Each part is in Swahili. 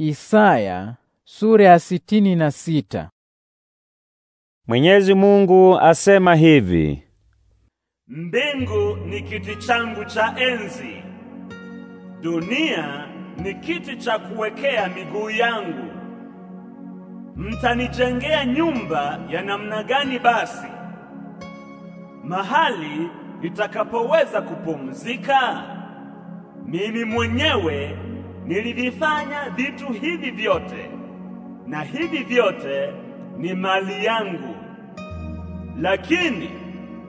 Isaya sura ya sitini na sita. Mwenyezi Mungu asema hivi: Mbingu ni kiti changu cha enzi, dunia ni kiti cha kuwekea miguu yangu. Mtanijengea nyumba ya namna gani basi, mahali nitakapoweza kupumzika mimi mwenyewe? Nilivifanya vitu hivi vyote na hivi vyote ni mali yangu, lakini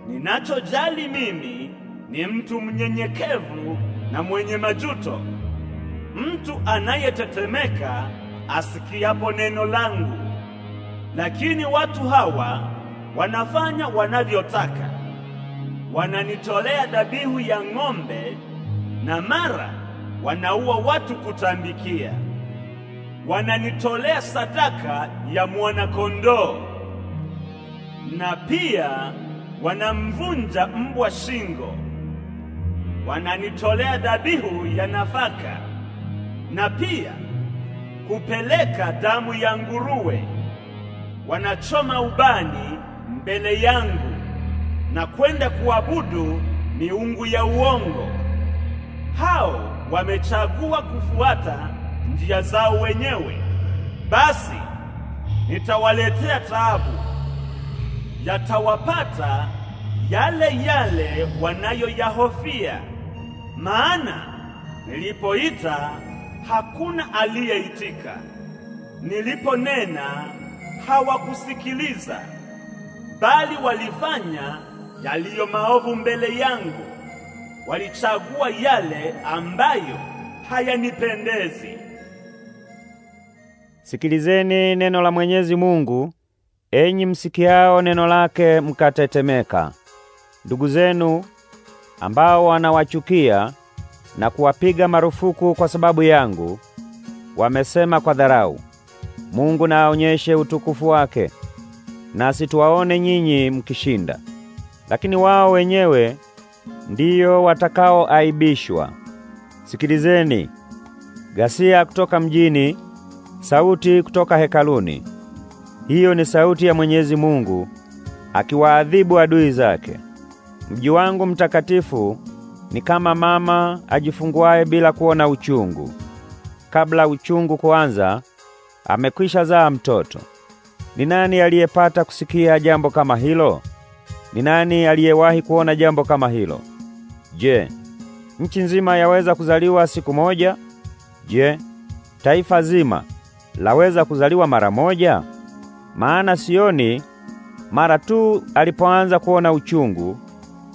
ninachojali mimi ni mtu mnyenyekevu na mwenye majuto, mtu anayetetemeka asikiapo neno langu. Lakini watu hawa wanafanya wanavyotaka, wananitolea dhabihu ya ng'ombe na mara wanaua watu kutambikia, wananitolea sadaka ya mwanakondoo, na pia wanamvunja mbwa shingo, wananitolea dhabihu ya nafaka, na pia kupeleka damu ya nguruwe. Wanachoma ubani mbele yangu na kwenda kuabudu miungu ya uongo. Hao wamechagua kufuata njia zao wenyewe, basi nitawaletea taabu, yatawapata yale yale wanayoyahofia. Maana nilipoita hakuna aliyeitika, niliponena hawakusikiliza, bali walifanya yaliyo maovu mbele yangu walichagua yale ambayo hayanipendezi. Sikilizeni neno la Mwenyezi Mungu, enyi msikiao neno lake mkatetemeka. Ndugu zenu ambao wanawachukia na kuwapiga marufuku kwa sababu yangu wamesema kwa dharau, Mungu na aonyeshe utukufu wake, nasi tuwaone nyinyi mkishinda. Lakini wao wenyewe ndiyo watakaoaibishwa. Sikilizeni gasia kutoka mjini, sauti kutoka hekaluni. Hiyo ni sauti ya Mwenyezi Mungu akiwaadhibu adui zake. Mji wangu mtakatifu ni kama mama ajifunguaye bila kuona uchungu. Kabla uchungu kuanza, amekwisha zaa mtoto. Ni nani aliyepata kusikia jambo kama hilo? Ni nani aliyewahi kuona jambo kama hilo? Je, nchi nzima yaweza kuzaliwa siku moja? Je, taifa zima laweza kuzaliwa mara moja? Maana sioni mara tu alipoanza kuona uchungu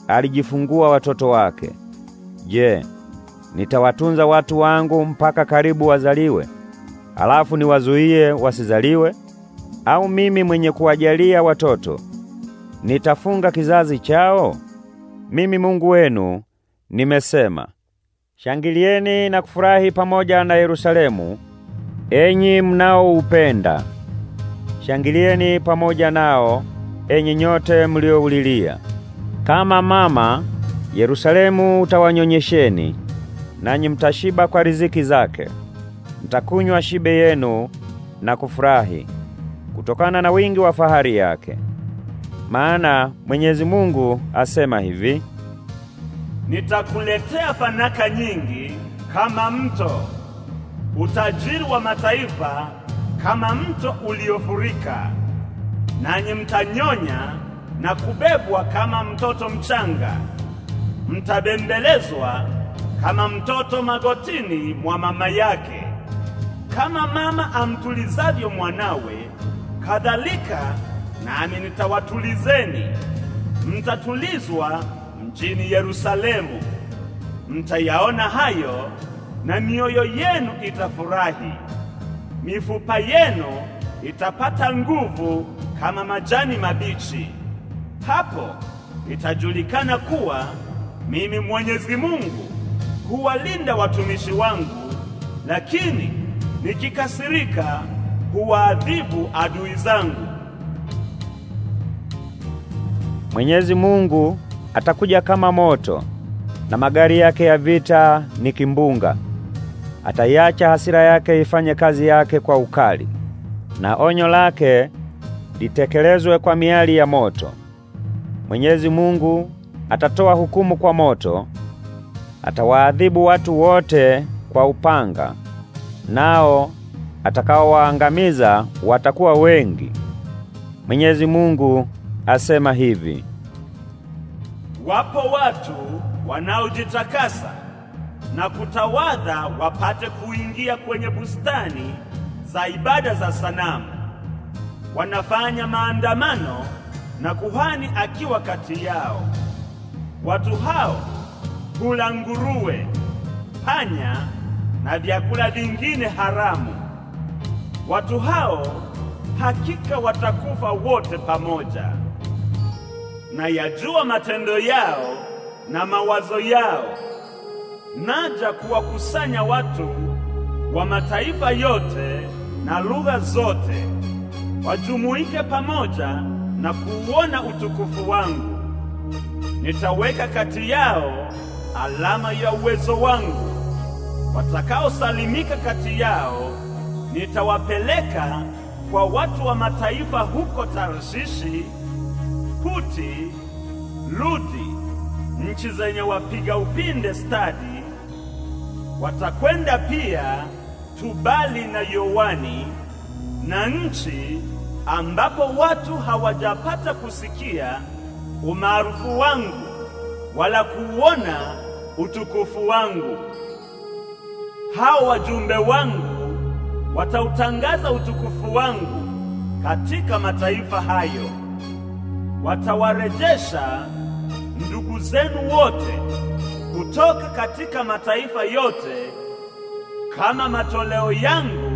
alijifungua watoto wake. Je, nitawatunza watu wangu mpaka karibu wazaliwe, alafu niwazuie wasizaliwe? Au mimi mwenye kuwajalia watoto nitafunga kizazi chao? Mimi Mungu wenu nimesema. Shangilieni na kufurahi pamoja na Yerusalemu, enyi mnaoupenda. Shangilieni pamoja nao, enyi nyote mlioulilia. Kama mama, Yerusalemu utawanyonyesheni, nanyi mtashiba kwa riziki zake. Mtakunywa shibe yenu na kufurahi kutokana na wingi wa fahari yake. Maana Mwenyezi Mungu asema hivi: nitakuletea fanaka nyingi kama mto, utajiri wa mataifa kama mto uliofurika, nanyi mtanyonya na kubebwa kama mtoto mchanga, mtabembelezwa kama mtoto magotini mwa mama yake. Kama mama amtulizavyo mwanawe, kadhalika nami nitawatulizeni. Mtatulizwa mjini Yerusalemu, mtayaona hayo na mioyo yenu itafurahi, mifupa yenu itapata nguvu kama majani mabichi. Hapo itajulikana kuwa mimi Mwenyezi Mungu huwalinda watumishi wangu, lakini nikikasirika huwaadhibu adui zangu. Mwenyezi Mungu atakuja kama moto na magari yake ya vita ni kimbunga. Ataiacha hasira yake ifanye kazi yake kwa ukali, na onyo lake litekelezwe kwa miali ya moto. Mwenyezi Mungu atatoa hukumu kwa moto, atawaadhibu watu wote kwa upanga, nao atakaowaangamiza watakuwa wengi. Mwenyezi Mungu asema hivi: wapo watu wanaojitakasa na kutawadha wapate kuingia kwenye bustani za ibada za sanamu. Wanafanya maandamano na kuhani akiwa kati yao. Watu hao hula nguruwe, panya na vyakula vingine haramu. Watu hao hakika watakufa wote pamoja na yajua matendo yao na mawazo yao. Naja kuwakusanya watu wa mataifa yote na lugha zote, wajumuike pamoja na kuuona utukufu wangu. Nitaweka kati yao alama ya uwezo wangu, watakaosalimika kati yao nitawapeleka kwa watu wa mataifa huko Tarshishi kuti, Ludi, nchi zenye wapiga upinde stadi, watakwenda pia Tubali na Yowani na nchi ambapo watu hawajapata kusikia umaarufu wangu wala kuona utukufu wangu. Hao wajumbe wangu watautangaza utukufu wangu katika mataifa hayo watawarejesha ndugu zenu wote kutoka katika mataifa yote kama matoleo yangu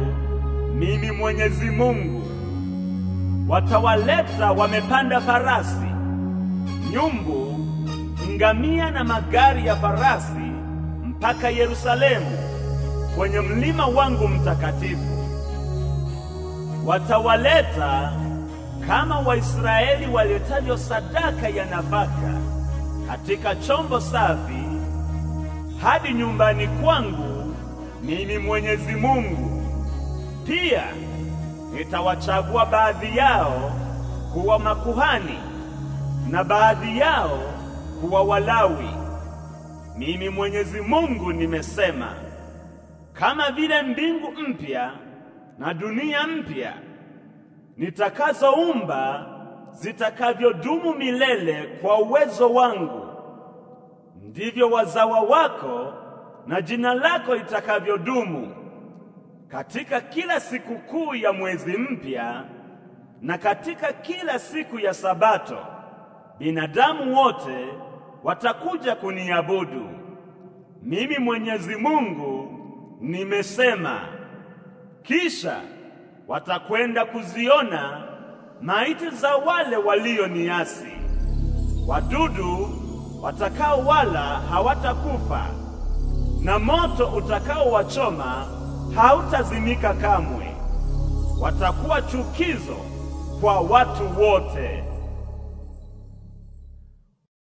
mimi Mwenyezi Mungu. Watawaleta wamepanda farasi, nyumbu, ngamia na magari ya farasi mpaka Yerusalemu kwenye mlima wangu mtakatifu. Watawaleta kama Waisraeli waliotajwa sadaka ya nafaka katika chombo safi hadi nyumbani kwangu mimi Mwenyezi Mungu. Pia nitawachagua baadhi yao kuwa makuhani na baadhi yao kuwa Walawi. Mimi Mwenyezi Mungu nimesema. Kama vile mbingu mpya na dunia mpya nitakazoumba zitakavyodumu milele kwa uwezo wangu, ndivyo wazawa wako na jina lako litakavyodumu katika kila sikukuu ya mwezi mpya na katika kila siku ya Sabato. Binadamu wote watakuja kuniabudu mimi. Mwenyezi Mungu nimesema. Kisha watakwenda kuziona maiti za wale walioniasi. Wadudu watakao wala hawatakufa, na moto utakao wachoma hautazimika kamwe. Watakuwa chukizo kwa watu wote.